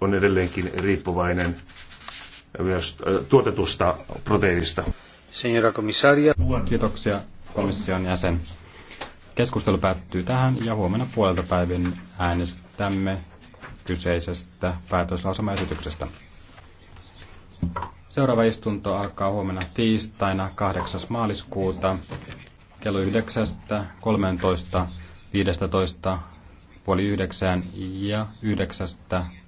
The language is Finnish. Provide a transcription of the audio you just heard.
on edelleenkin riippuvainen myös tuotetusta proteiinista. Signora komissaria. Kiitoksia komission jäsen. Keskustelu päättyy tähän ja huomenna puolelta päivin äänestämme kyseisestä päätöslausumaesityksestä. Seuraava istunto alkaa huomenna tiistaina 8. maaliskuuta kello 9, puoli 9 ja 9,